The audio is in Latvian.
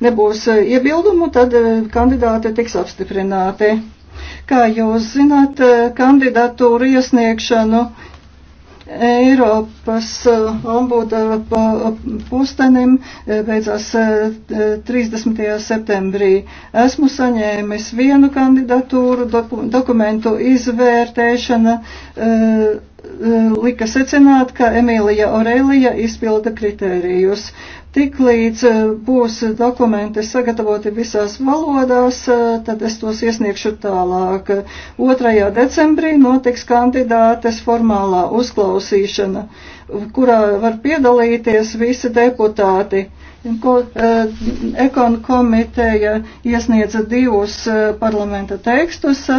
nebūs eh, iebildumu, tad eh, kandidāte tiks apstiprināti. Kā jūs zināt, eh, kandidatūru iesniegšanu Eiropas ombuda pustenim beidzās 30. septembrī. Esmu saņēmis vienu kandidatūru, dokumentu izvērtēšana lika secināt, ka Emīlija Orelija izpilda kritērijus. Tiklīdz eh, būs dokumenti sagatavoti visās valodās, eh, tad es tos iesniegšu tālāk. 2. decembrī notiks kandidātes formālā uzklausīšana, kurā var piedalīties visi deputāti. Ko, eh, ekon komiteja iesniedza divus parlamenta tekstus